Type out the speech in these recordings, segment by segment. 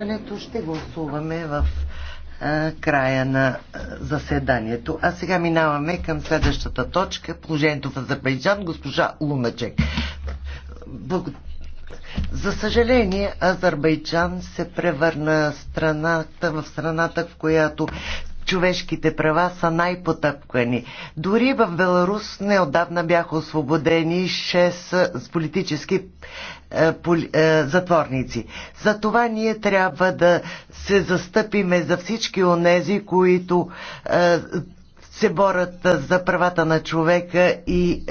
Гласуването ще гласуваме в а, края на а, заседанието. А сега минаваме към следващата точка. Положението в Азербайджан, госпожа Луначек. Благ... За съжаление, Азербайджан се превърна страната в страната, в която човешките права са най-потъпкани. Дори в Беларус неодавна бяха освободени 6 е, с политически е, е, затворници. За това ние трябва да се застъпиме за всички онези, които се борят за правата на човека и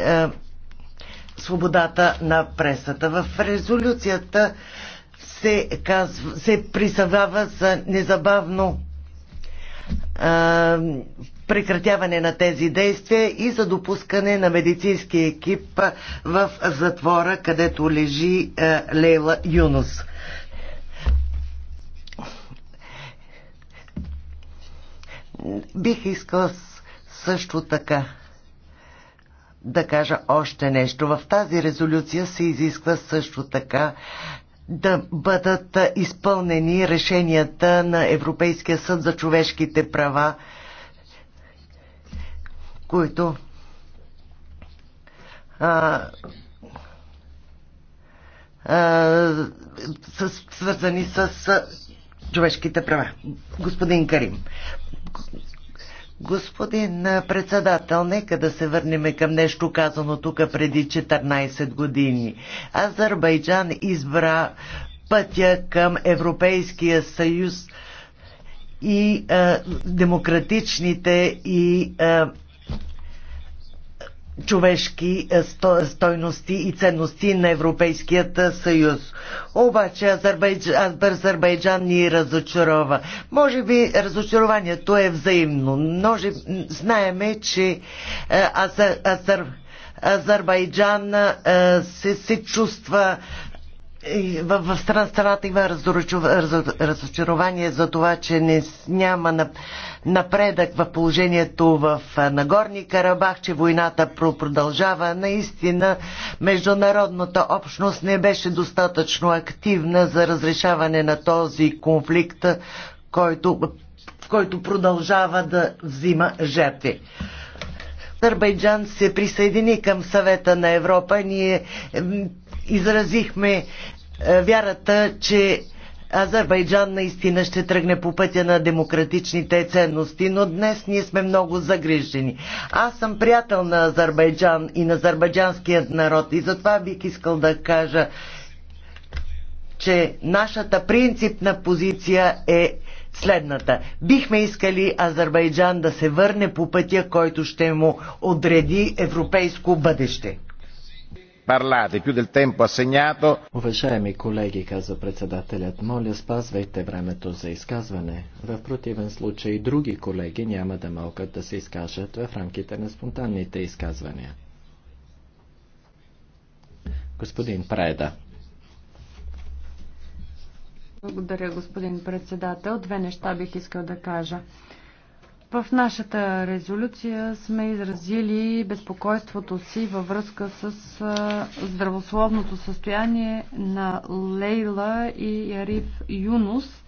свободата на пресата. В резолюцията се, казва, се присъвава за незабавно прекратяване на тези действия и за допускане на медицински екип в затвора, където лежи Лейла Юнус. Бих искала също така да кажа още нещо. В тази резолюция се изисква също така да бъдат изпълнени решенията на Европейския съд за човешките права, които а, а, са свързани с човешките права. Господин Карим, Господин председател, нека да се върнем към нещо казано тук преди 14 години. Азербайджан избра пътя към Европейския съюз и а, демократичните и а, човешки е, стойности и ценности на Европейският е, съюз. Обаче Азербайджан, Азербайджан ни разочарова. Може би разочарованието е взаимно. Може, знаеме, че е, Азербайджан се, се чувства в, в страната има разочарование за това, че не, няма напредък в положението в Нагорни Карабах, че войната продължава. Наистина международната общност не беше достатъчно активна за разрешаване на този конфликт, който, който продължава да взима жертви. Азербайджан се присъедини към съвета на Европа. Ние изразихме е, вярата, че Азербайджан наистина ще тръгне по пътя на демократичните ценности, но днес ние сме много загрижени. Аз съм приятел на Азербайджан и на азербайджанският народ и затова бих искал да кажа, че нашата принципна позиция е следната. Бихме искали Азербайджан да се върне по пътя, който ще му отреди европейско бъдеще parlate più del tempo assegnato. Уважаеми колеги, каза председателят, моля спазвайте времето за изказване. В противен случай други колеги няма да могат да се изкажат в рамките на спонтанните изказвания. Господин Преда. Благодаря, господин председател. Две неща бих искал да кажа. В нашата резолюция сме изразили безпокойството си във връзка с здравословното състояние на Лейла и Ариф Юнус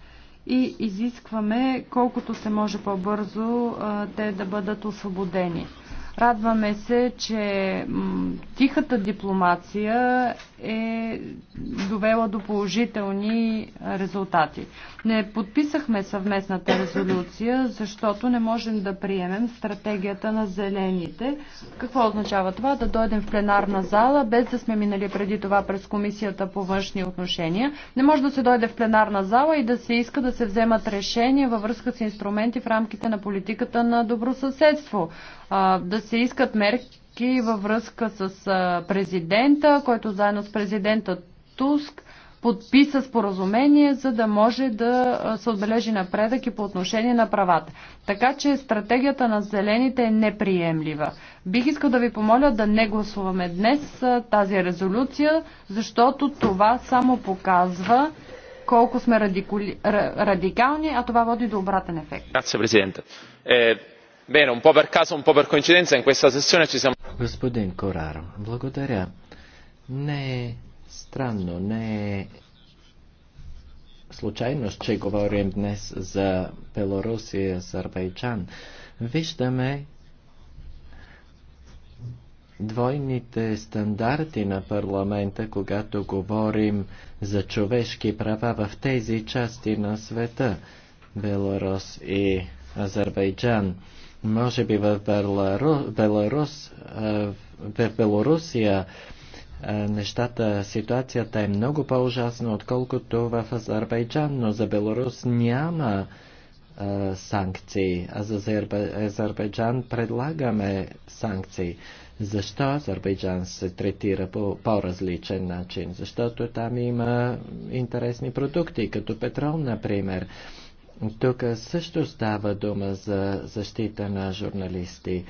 и изискваме колкото се може по-бързо те да бъдат освободени. Радваме се, че тихата дипломация е довела до положителни резултати. Не подписахме съвместната резолюция, защото не можем да приемем стратегията на зелените. Какво означава това? Да дойдем в пленарна зала, без да сме минали преди това през Комисията по външни отношения. Не може да се дойде в пленарна зала и да се иска да се вземат решения във връзка с инструменти в рамките на политиката на добросъседство да се искат мерки във връзка с президента, който заедно с президента Туск подписа споразумение, за да може да се отбележи напредък и по отношение на правата. Така че стратегията на зелените е неприемлива. Бих искал да ви помоля да не гласуваме днес тази резолюция, защото това само показва колко сме радикули... радикални, а това води до обратен ефект. Grazie, Bene, un po' per caso, un po' per coincidenza, in questa sessione ci siamo... Господин Кораро, благодаря. Не е странно, не е случайност, че говорим днес за Белорусия и Азербайджан. Виждаме двойните стандарти на парламента, когато говорим за човешки права в тези части на света, Беларус и Азербайджан. Може би в Беларус, в Белорусия нещата, ситуацията е много по-ужасна, отколкото в Азербайджан, но за Беларус няма санкции, а за Азербайджан предлагаме санкции. Защо Азербайджан се третира по по-различен начин? Защото там има интересни продукти, като петрол, например. Тук също става дума за защита на журналисти.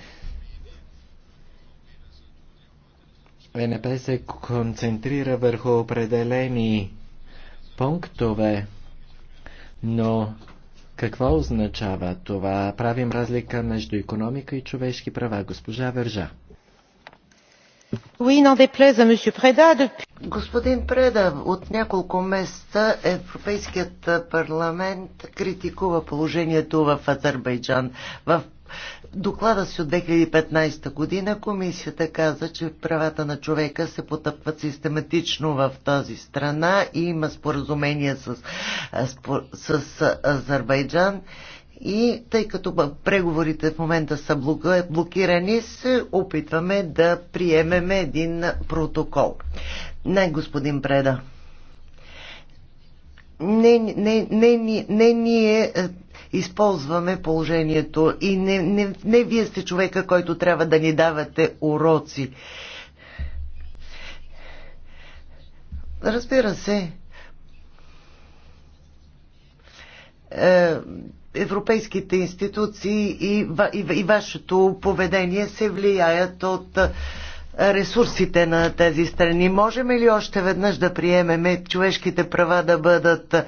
ВНП се концентрира върху определени пунктове, но какво означава това? Правим разлика между економика и човешки права, госпожа Вържа. Господин Преда, от няколко месеца Европейският парламент критикува положението в Азербайджан. В доклада си от 2015 година комисията каза, че правата на човека се потъпват систематично в тази страна и има споразумение с, с, с Азербайджан. И тъй като преговорите в момента са блокирани, се опитваме да приемеме един протокол. Не, господин Преда. Не, не, не, не, не ние е, използваме положението и не, не, не вие сте човека, който трябва да ни давате уроци. Разбира се, е, европейските институции и, и, и вашето поведение се влияят от ресурсите на тези страни. Можем ли още веднъж да приемеме човешките права да бъдат е,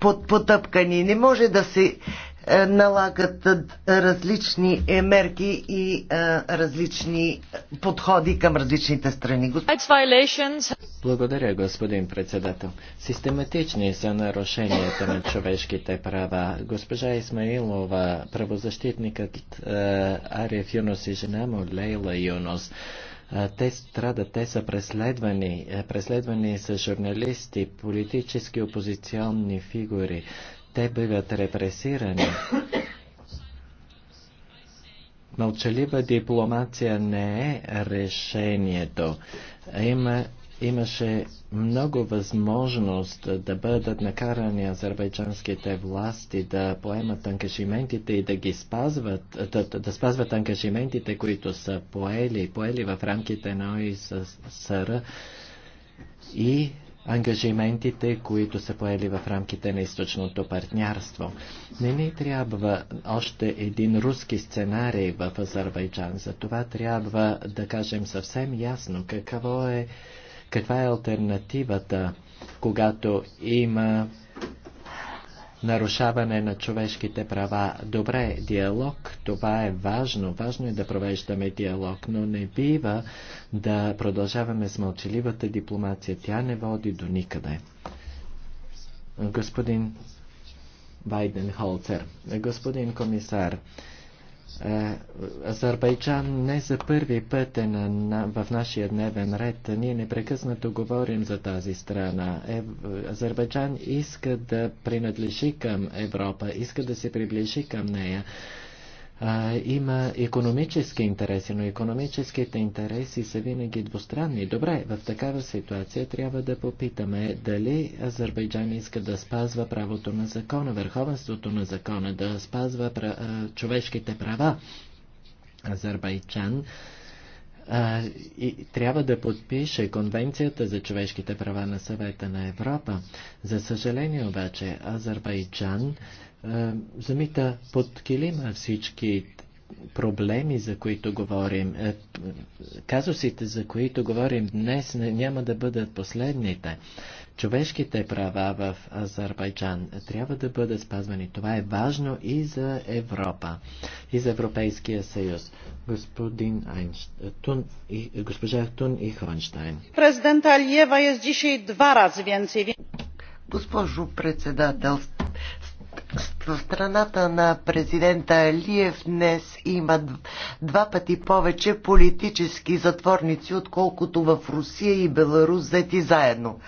под, потъпкани? Не може да се е, налагат е, различни е, мерки и различни подходи към различните страни. Благодаря, господин председател. Систематични са нарушенията на човешките права. Госпожа Исмаилова, правозащитникът Ариф Юнос и жена му Лейла Юнос, те страдат, те са преследвани. Преследвани са журналисти, политически опозиционни фигури те биват репресирани. Мълчалива дипломация не е решението. Има, имаше много възможност да бъдат накарани азербайджанските власти да поемат ангажиментите и да ги спазват, да, да спазват ангажиментите, които са поели, поели в рамките на ОИСР и ангажиментите, които са поели в рамките на източното партньорство. Не ни трябва още един руски сценарий в Азербайджан. За това трябва да кажем съвсем ясно какво е, каква е альтернативата, когато има нарушаване на човешките права. Добре, диалог, това е важно. Важно е да провеждаме диалог, но не бива да продължаваме с мълчаливата дипломация. Тя не води до никъде. Господин Байден Холцер, господин комисар, е, Азербайджан не за първи път е на, на, в нашия дневен ред. Ние непрекъснато говорим за тази страна. Ев, Азербайджан иска да принадлежи към Европа, иска да се приближи към нея а, има економически интереси, но економическите интереси са винаги двустранни. Добре, в такава ситуация трябва да попитаме дали Азербайджан иска да спазва правото на закона, върховенството на закона, да спазва човешките права. Азербайджан а, и трябва да подпише Конвенцията за човешките права на съвета на Европа. За съжаление обаче, Азербайджан а, замита под килима всички проблеми, за които говорим, е, казусите, за които говорим днес, няма да бъдат последните човешките права в Азербайджан трябва да бъдат спазвани. Това е важно и за Европа, и за Европейския съюз. Господин Айнштейн, и... Госпожа Тун и Хронштайн. Президент Алиева е диши два раза венци. Госпожо председател, в страната на президента Алиев днес има два пъти повече политически затворници, отколкото в Русия и Беларус взети заедно.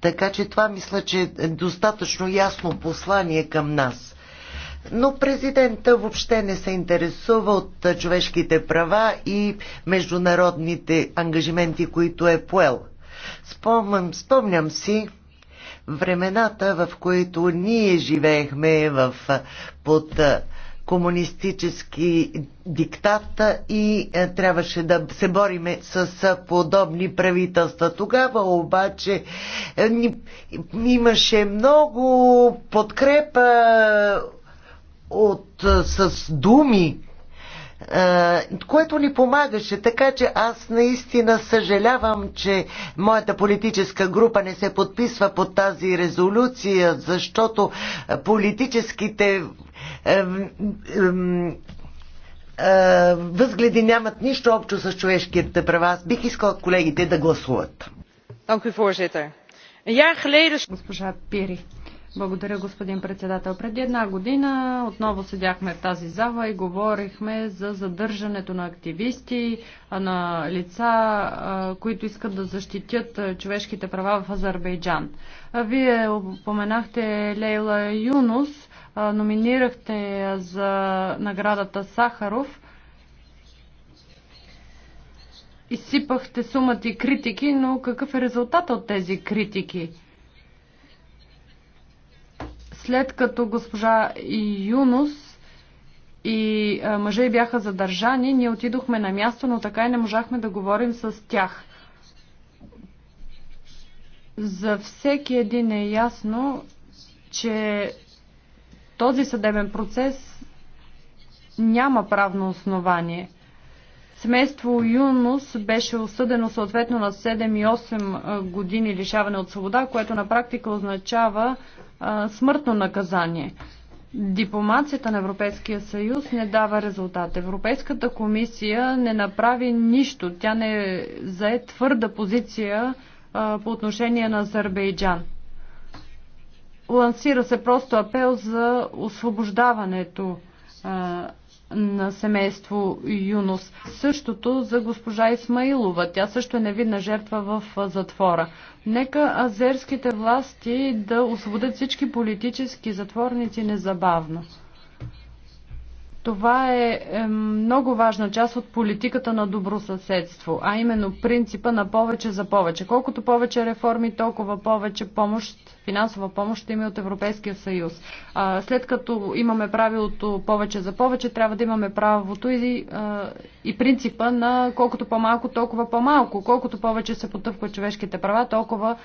Така че това мисля, че е достатъчно ясно послание към нас. Но президента въобще не се интересува от човешките права и международните ангажименти, които е поел. Спомням, спомням си времената, в които ние живеехме в, под комунистически диктат и е, трябваше да се бориме с е, подобни правителства. Тогава обаче е, имаше много подкрепа от, с думи което ни помагаше. Така че аз наистина съжалявам, че моята политическа група не се подписва под тази резолюция, защото политическите възгледи нямат нищо общо с човешките права. Аз бих искал колегите да гласуват. Госпожа Пири. Благодаря, господин председател. Преди една година отново седяхме в тази зала и говорихме за задържането на активисти, на лица, които искат да защитят човешките права в Азербайджан. Вие упоменахте Лейла Юнус, номинирахте за наградата Сахаров. Изсипахте сумата и критики, но какъв е резултат от тези критики? след като госпожа Юнус и е, мъже бяха задържани, ние отидохме на място, но така и не можахме да говорим с тях. За всеки един е ясно, че този съдебен процес няма правно основание. Семейство Юнус беше осъдено съответно на 7 и 8 години лишаване от свобода, което на практика означава а, смъртно наказание. Дипломацията на Европейския съюз не дава резултат. Европейската комисия не направи нищо. Тя не зае твърда позиция а, по отношение на Азербайджан. Лансира се просто апел за освобождаването а, на семейство юнос, Същото за госпожа Исмаилова. Тя също е невидна жертва в затвора. Нека азерските власти да освободят всички политически затворници незабавно. Това е, е много важна част от политиката на добро съседство, а именно принципа на повече за повече. Колкото повече реформи, толкова повече помощ, финансова помощ ще има от Европейския съюз. След като имаме правилото повече за повече, трябва да имаме правото и, и принципа на колкото по-малко, толкова по-малко. Колкото повече се потъпква човешките права, толкова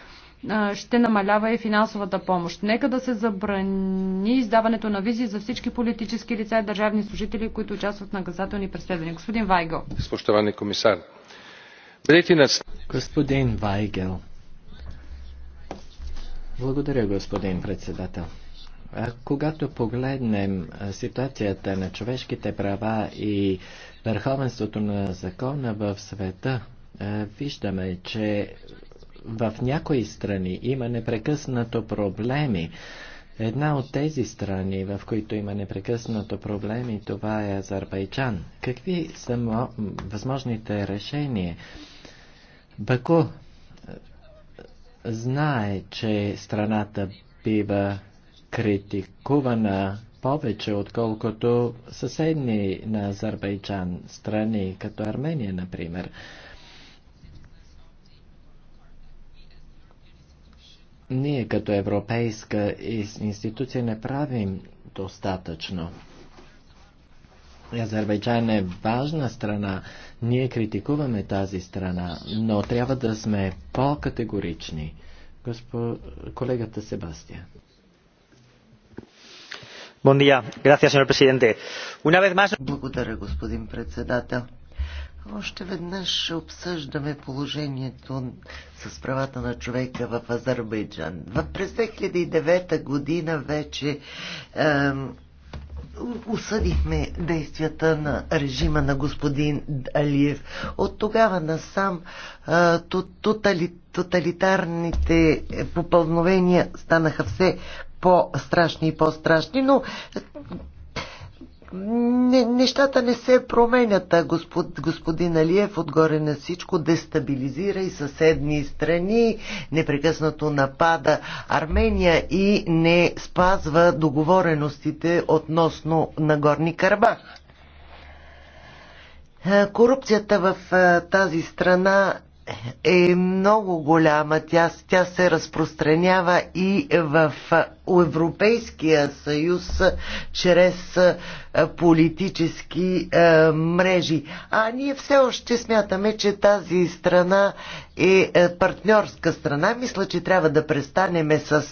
ще намалява и финансовата помощ. Нека да се забрани издаването на визи за всички политически лица и държавни служители, които участват в наказателни преследвания. Господин Вайгел. Спощаване комисар. Господин Вайгел. Благодаря, господин председател. Когато погледнем ситуацията на човешките права и върховенството на закона в света, виждаме, че в някои страни има непрекъснато проблеми. Една от тези страни, в които има непрекъснато проблеми, това е Азербайджан. Какви са възможните решения? Баку е, знае, че страната бива критикувана повече, отколкото съседни на Азербайджан страни, като Армения, например. ние като европейска институция не правим достатъчно. Азербайджан е важна страна. Ние критикуваме тази страна, но трябва да сме по-категорични. Госпо... Колегата Себастия. Благодаря, господин председател. Още веднъж обсъждаме положението с правата на човека в Азербайджан. През 2009 година вече е, осъдихме действията на режима на господин Алиев. От тогава насам е, тотали, тоталитарните попълновения станаха все по-страшни и по-страшни, но нещата не се променят. Господ, господин Алиев отгоре на всичко дестабилизира и съседни страни, непрекъснато напада Армения и не спазва договореностите относно Нагорни Карбах. Е, корупцията в е, тази страна е много голяма. Тя, тя се разпространява и в Европейския съюз чрез политически е, мрежи. А ние все още смятаме, че тази страна е, е партньорска страна. Мисля, че трябва да престанеме с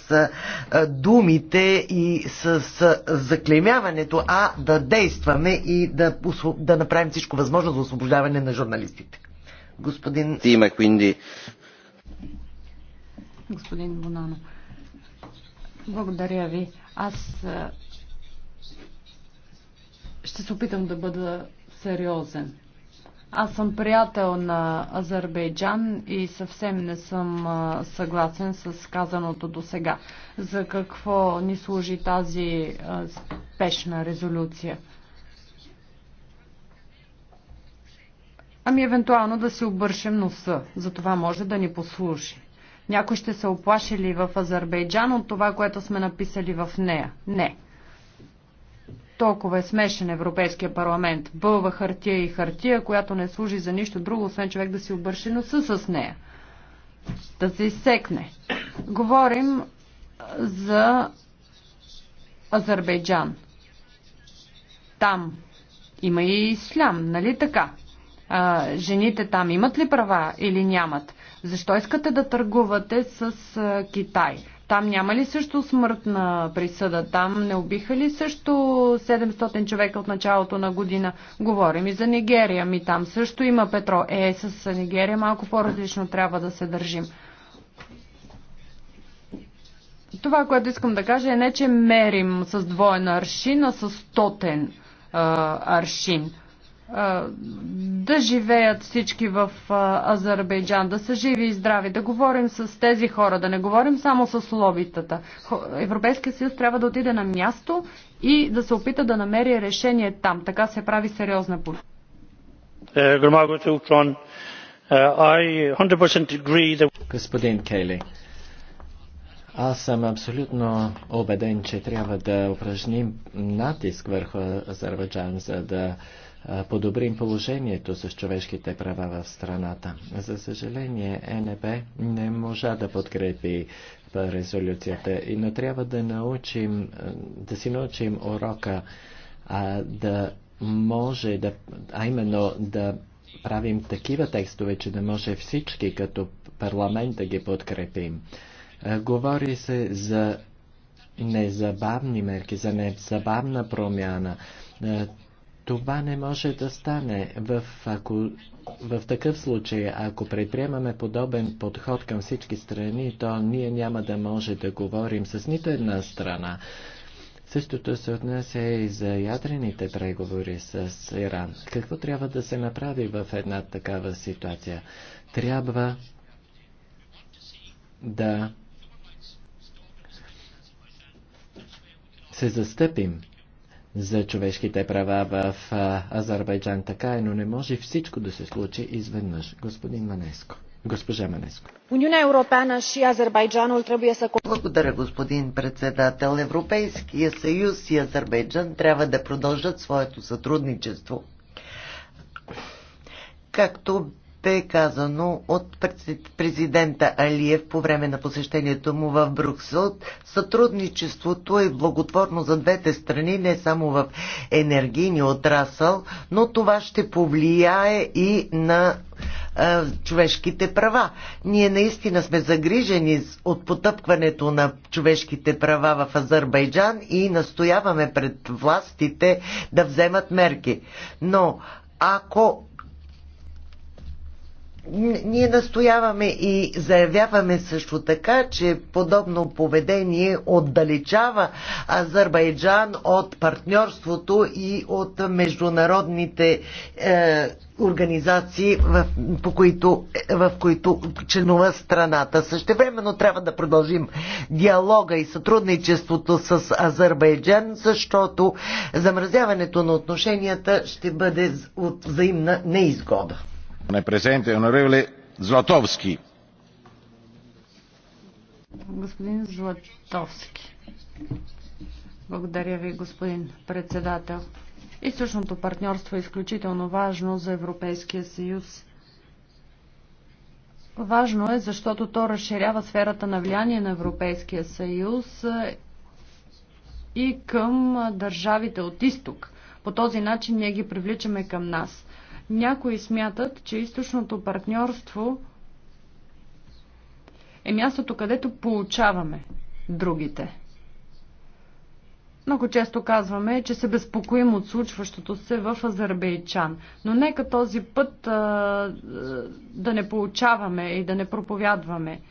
думите и с заклемяването, а да действаме и да, да направим всичко възможно за освобождаване на журналистите господин... Тиме, Квинди. Господин Бонано, благодаря ви. Аз ще се опитам да бъда сериозен. Аз съм приятел на Азербайджан и съвсем не съм съгласен с казаното до сега. За какво ни служи тази спешна резолюция? Ами евентуално да си обършем носа. За това може да ни послужи. Някой ще се оплашили в Азербайджан от това, което сме написали в нея. Не. Толкова е смешен Европейския парламент. Бълва хартия и хартия, която не служи за нищо друго, освен човек да си обърши носа с нея. Да се изсекне. Говорим за Азербайджан. Там има и ислям, нали така? а, жените там имат ли права или нямат? Защо искате да търгувате с а, Китай? Там няма ли също смъртна присъда? Там не убиха ли също 700 човека от началото на година? Говорим и за Нигерия. Ми там също има петро. Е, с Нигерия малко по-различно трябва да се държим. Това, което искам да кажа е не, че мерим с аршин, аршина, с стотен аршин да живеят всички в Азербайджан, да са живи и здрави, да говорим с тези хора, да не говорим само с лобитата. Европейския съюз трябва да отиде на място и да се опита да намери решение там. Така се прави сериозна политика. Е, е, Господин Кейли, аз съм абсолютно убеден, че трябва да упражним натиск върху Азербайджан, за да подобрим положението с човешките права в страната. За съжаление, НБ не можа да подкрепи резолюцията, но трябва да, научим, да си научим урока а, да може да, а именно да правим такива текстове, че да може всички като парламент да ги подкрепим. Говори се за незабавни мерки, за незабавна промяна. Това не може да стане. В, ако, в такъв случай, ако предприемаме подобен подход към всички страни, то ние няма да може да говорим с нито една страна. Същото се отнася и за ядрените преговори с Иран. Какво трябва да се направи в една такава ситуация? Трябва да се застъпим за човешките права в Азербайджан. Така е, но не може всичко да се случи изведнъж. Господин Манеско. Госпожа Манеско. Uniunea Europeană și Azerbaidjanul trebuie să... Благодаря, господин председател. Европейския съюз и Азербайджан трябва да продължат своето сътрудничество. Както е казано от президента Алиев по време на посещението му в Брюксел. Сътрудничеството е благотворно за двете страни, не само в енергийния отрасъл, но това ще повлияе и на човешките права. Ние наистина сме загрижени от потъпкването на човешките права в Азербайджан и настояваме пред властите да вземат мерки. Но ако ние настояваме и заявяваме също така, че подобно поведение отдалечава Азербайджан от партньорството и от международните е, организации, в, по които, в които членува страната. Същевременно трябва да продължим диалога и сътрудничеството с Азербайджан, защото замразяването на отношенията ще бъде от взаимна неизгода. Златовски. Господин Златовски. Благодаря ви, господин председател. Източното партньорство е изключително важно за Европейския съюз. Важно е, защото то разширява сферата на влияние на Европейския съюз е, и към държавите от изток. По този начин ние ги привличаме към нас. Някои смятат, че източното партньорство е мястото, където получаваме другите. Много често казваме, че се безпокоим от случващото се в Азербайджан. Но нека този път а, да не получаваме и да не проповядваме.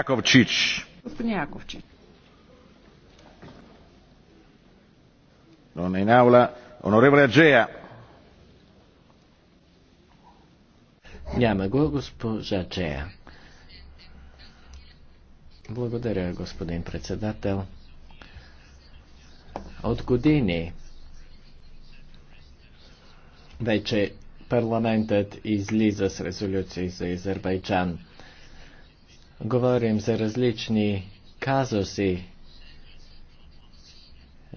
Яковчич. Господин Яковчич. Non in aula. Onorevole Agea. Няма го, госпожа Чея. Благодаря, господин председател. От години вече парламентът излиза с резолюции за Азербайджан. Говорим за различни казуси.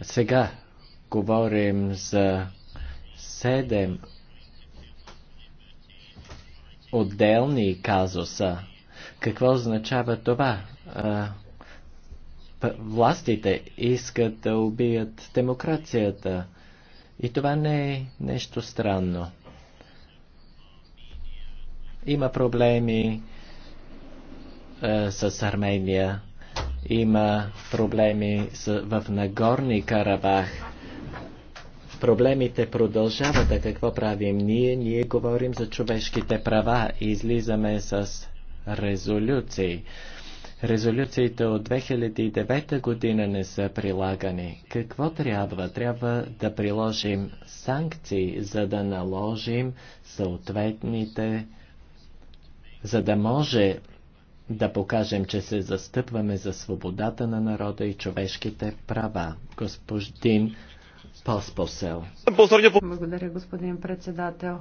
Сега говорим за седем отделни казуса. Какво означава това? Властите искат да убият демокрацията. И това не е нещо странно. Има проблеми е, с Армения, има проблеми с, в Нагорни Карабах проблемите продължават, а какво правим ние? Ние говорим за човешките права и излизаме с резолюции. Резолюциите от 2009 година не са прилагани. Какво трябва? Трябва да приложим санкции, за да наложим съответните, за да може да покажем, че се застъпваме за свободата на народа и човешките права. Господин Пас Посел. Е Благодаря, господин председател.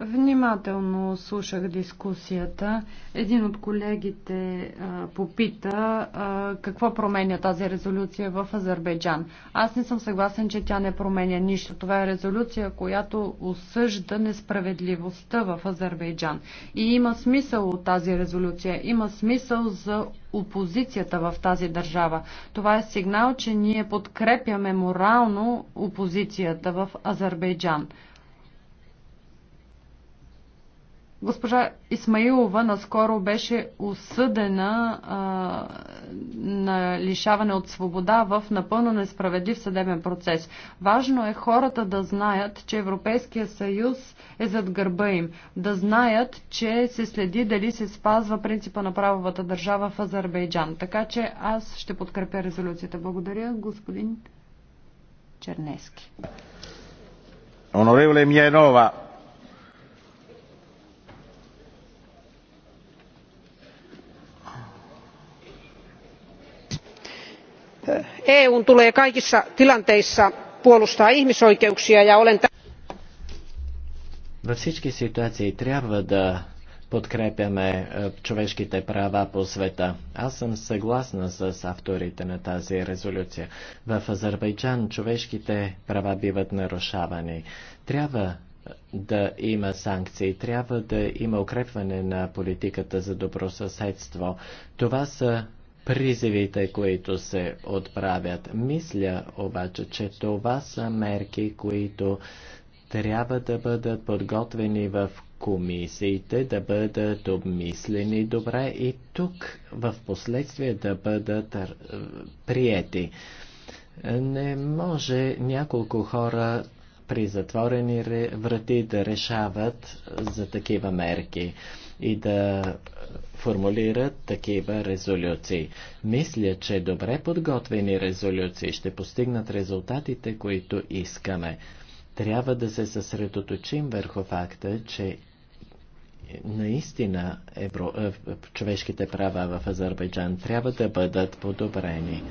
Внимателно слушах дискусията. Един от колегите а, попита а, какво променя тази резолюция в Азербайджан. Аз не съм съгласен, че тя не променя нищо. Това е резолюция, която осъжда несправедливостта в Азербайджан. И има смисъл от тази резолюция. Има смисъл за опозицията в тази държава. Това е сигнал, че ние подкрепяме морално опозицията в Азербайджан. Госпожа Исмаилова наскоро беше осъдена а, на лишаване от свобода в напълно несправедлив съдебен процес. Важно е хората да знаят, че Европейския съюз е зад гърба им. Да знаят, че се следи дали се спазва принципа на правовата държава в Азербайджан. Така че аз ще подкрепя резолюцията. Благодаря, господин Чернески. Оноревле Миенова, eu n tulee kaikissa tilanteissa puolustaa ihmisoikeuksia ja olen Във всички ситуации трябва да подкрепяме е, човешките права по света. Аз съм съгласна с авторите на тази резолюция. В Азербайджан човешките права биват нарушавани. Трябва е, да има санкции, трябва да има укрепване на политиката за добросъседство. Това са призивите, които се отправят. Мисля обаче, че това са мерки, които трябва да бъдат подготвени в комисиите, да бъдат обмислени добре и тук в последствие да бъдат е, приети. Не може няколко хора при затворени врати да решават за такива мерки и да формулират такива резолюции. Мисля, че добре подготвени резолюции ще постигнат резултатите, които искаме. Трябва да се съсредоточим върху факта, че наистина евро... Е, човешките права в Азербайджан трябва да бъдат подобрени.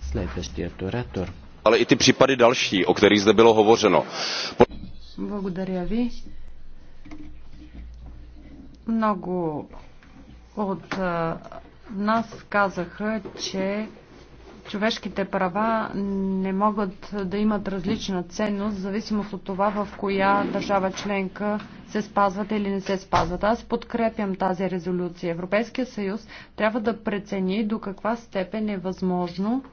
Следващият оратор. Але и ти припади далши, о Благодаря ви. Много от нас казаха, че човешките права не могат да имат различна ценност, в зависимост от това в коя държава членка се спазват или не се спазват. Аз подкрепям тази резолюция. Европейския съюз трябва да прецени до каква степен е възможно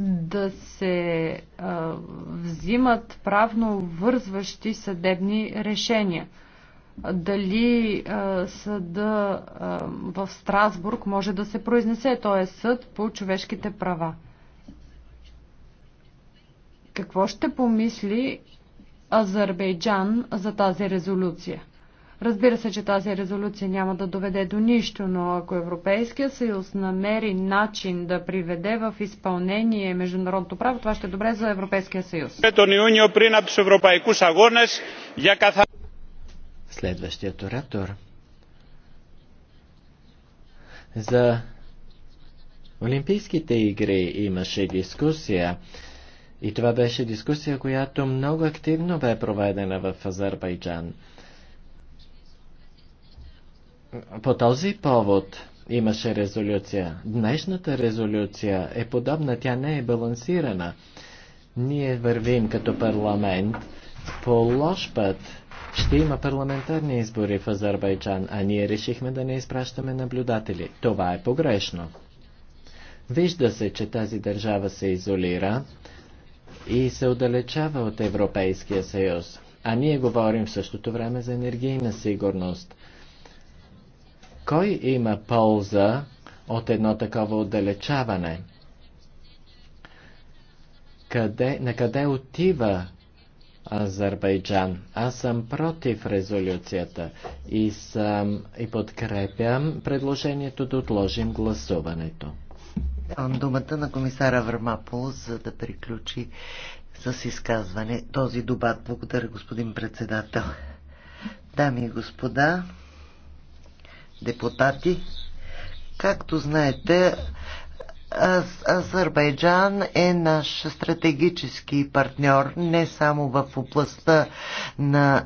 да се а, взимат правно вързващи съдебни решения. Дали а, съда а, в Страсбург може да се произнесе, т.е. съд по човешките права. Какво ще помисли Азербайджан за тази резолюция? Разбира се, че тази резолюция няма да доведе до нищо, но ако Европейския съюз намери начин да приведе в изпълнение международното право, това ще е добре за Европейския съюз. Следващият оратор. За Олимпийските игри имаше дискусия. И това беше дискусия, която много активно бе проведена в Азербайджан по този повод имаше резолюция. Днешната резолюция е подобна, тя не е балансирана. Ние вървим като парламент по лош път. Ще има парламентарни избори в Азербайджан, а ние решихме да не изпращаме наблюдатели. Това е погрешно. Вижда се, че тази държава се изолира и се отдалечава от Европейския съюз. А ние говорим в същото време за енергийна сигурност – кой има полза от едно такова отдалечаване? Къде, на къде отива Азербайджан. Аз съм против резолюцията и, съм, и подкрепям предложението да отложим гласуването. Давам думата на комисара Върмапол, за да приключи с изказване този дебат. Благодаря, господин председател. Дами и господа, депутати. Както знаете, Азербайджан е наш стратегически партньор не само в областта на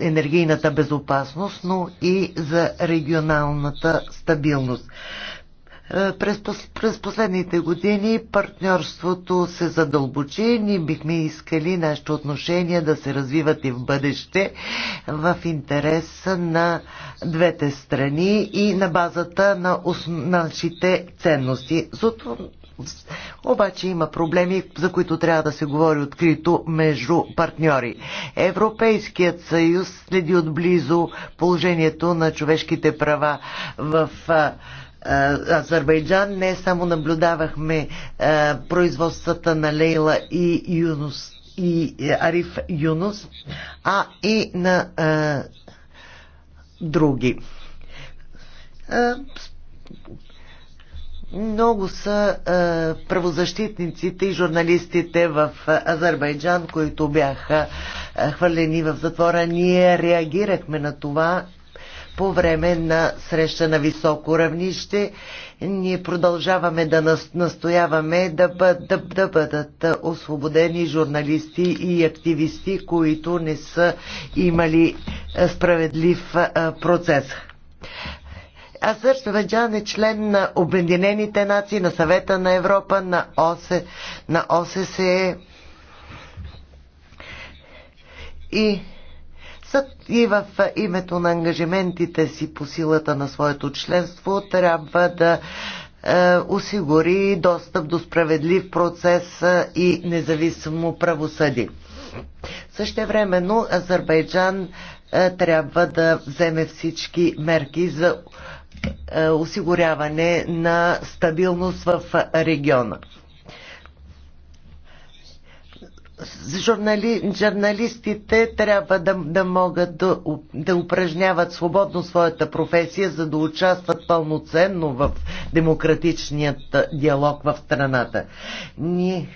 енергийната безопасност, но и за регионалната стабилност. През, през последните години партньорството се задълбочи. Ние бихме искали нашите отношения да се развиват и в бъдеще в интерес на двете страни и на базата на нашите ценности. Зато обаче има проблеми, за които трябва да се говори открито между партньори. Европейският съюз следи отблизо положението на човешките права в Азербайджан не само наблюдавахме производствата на Лейла и Юнус и е, Ариф Юнус, а и на а, други. много са а, правозащитниците и журналистите в Азербайджан, които бяха а, хвърлени в затвора. Ние реагирахме на това по време на среща на високо равнище. Ние продължаваме да нас, настояваме да, бъд, да, да бъдат освободени журналисти и активисти, които не са имали е, справедлив е, процес. Азербайджан е член на Обединените нации, на Съвета на Европа, на, ОСЕ, на ОССЕ и и в името на ангажиментите си по силата на своето членство трябва да е, осигури достъп до справедлив процес е, и независимо правосъдие. Същевременно Азербайджан е, трябва да вземе всички мерки за осигуряване на стабилност в региона журнали, журналистите трябва да, да могат да, да упражняват свободно своята професия, за да участват пълноценно в демократичният диалог в страната. Ние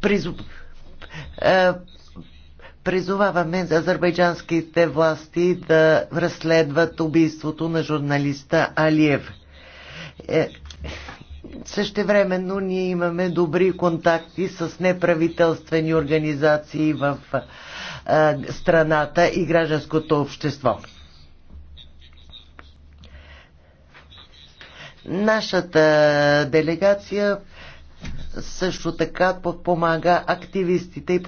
призу... Е, призоваваме азербайджанските власти да разследват убийството на журналиста Алиев. Е, Същевременно ние имаме добри контакти с неправителствени организации в страната и гражданското общество. Нашата делегация също така подпомага активистите и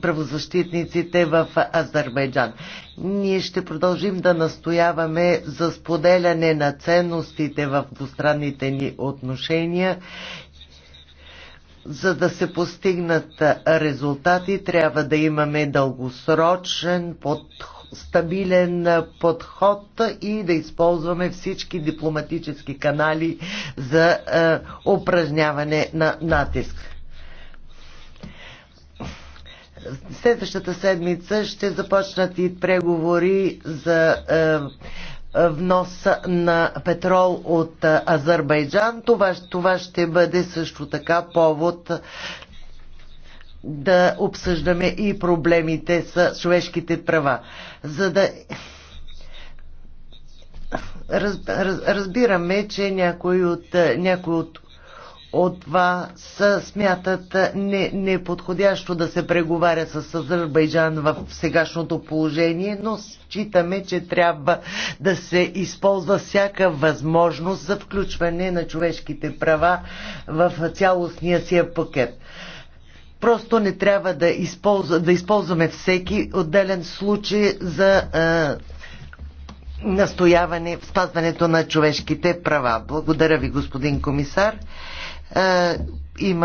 правозащитниците в Азербайджан. Ние ще продължим да настояваме за споделяне на ценностите в двустранните ни отношения за да се постигнат резултати, трябва да имаме дългосрочен подход стабилен подход и да използваме всички дипломатически канали за е, упражняване на натиск. Следващата седмица ще започнат и преговори за е, е, внос на петрол от Азербайджан. Това, това ще бъде също така повод да обсъждаме и проблемите с човешките права. За да раз, раз, разбираме, че някои от, някои от, от вас смятат не, неподходящо да се преговаря с Азербайджан в сегашното положение, но считаме, че трябва да се използва всяка възможност за включване на човешките права в цялостния си пакет. Просто не трябва да, използва, да използваме всеки отделен случай за а, настояване в спазването на човешките права. Благодаря ви, господин комисар. А, има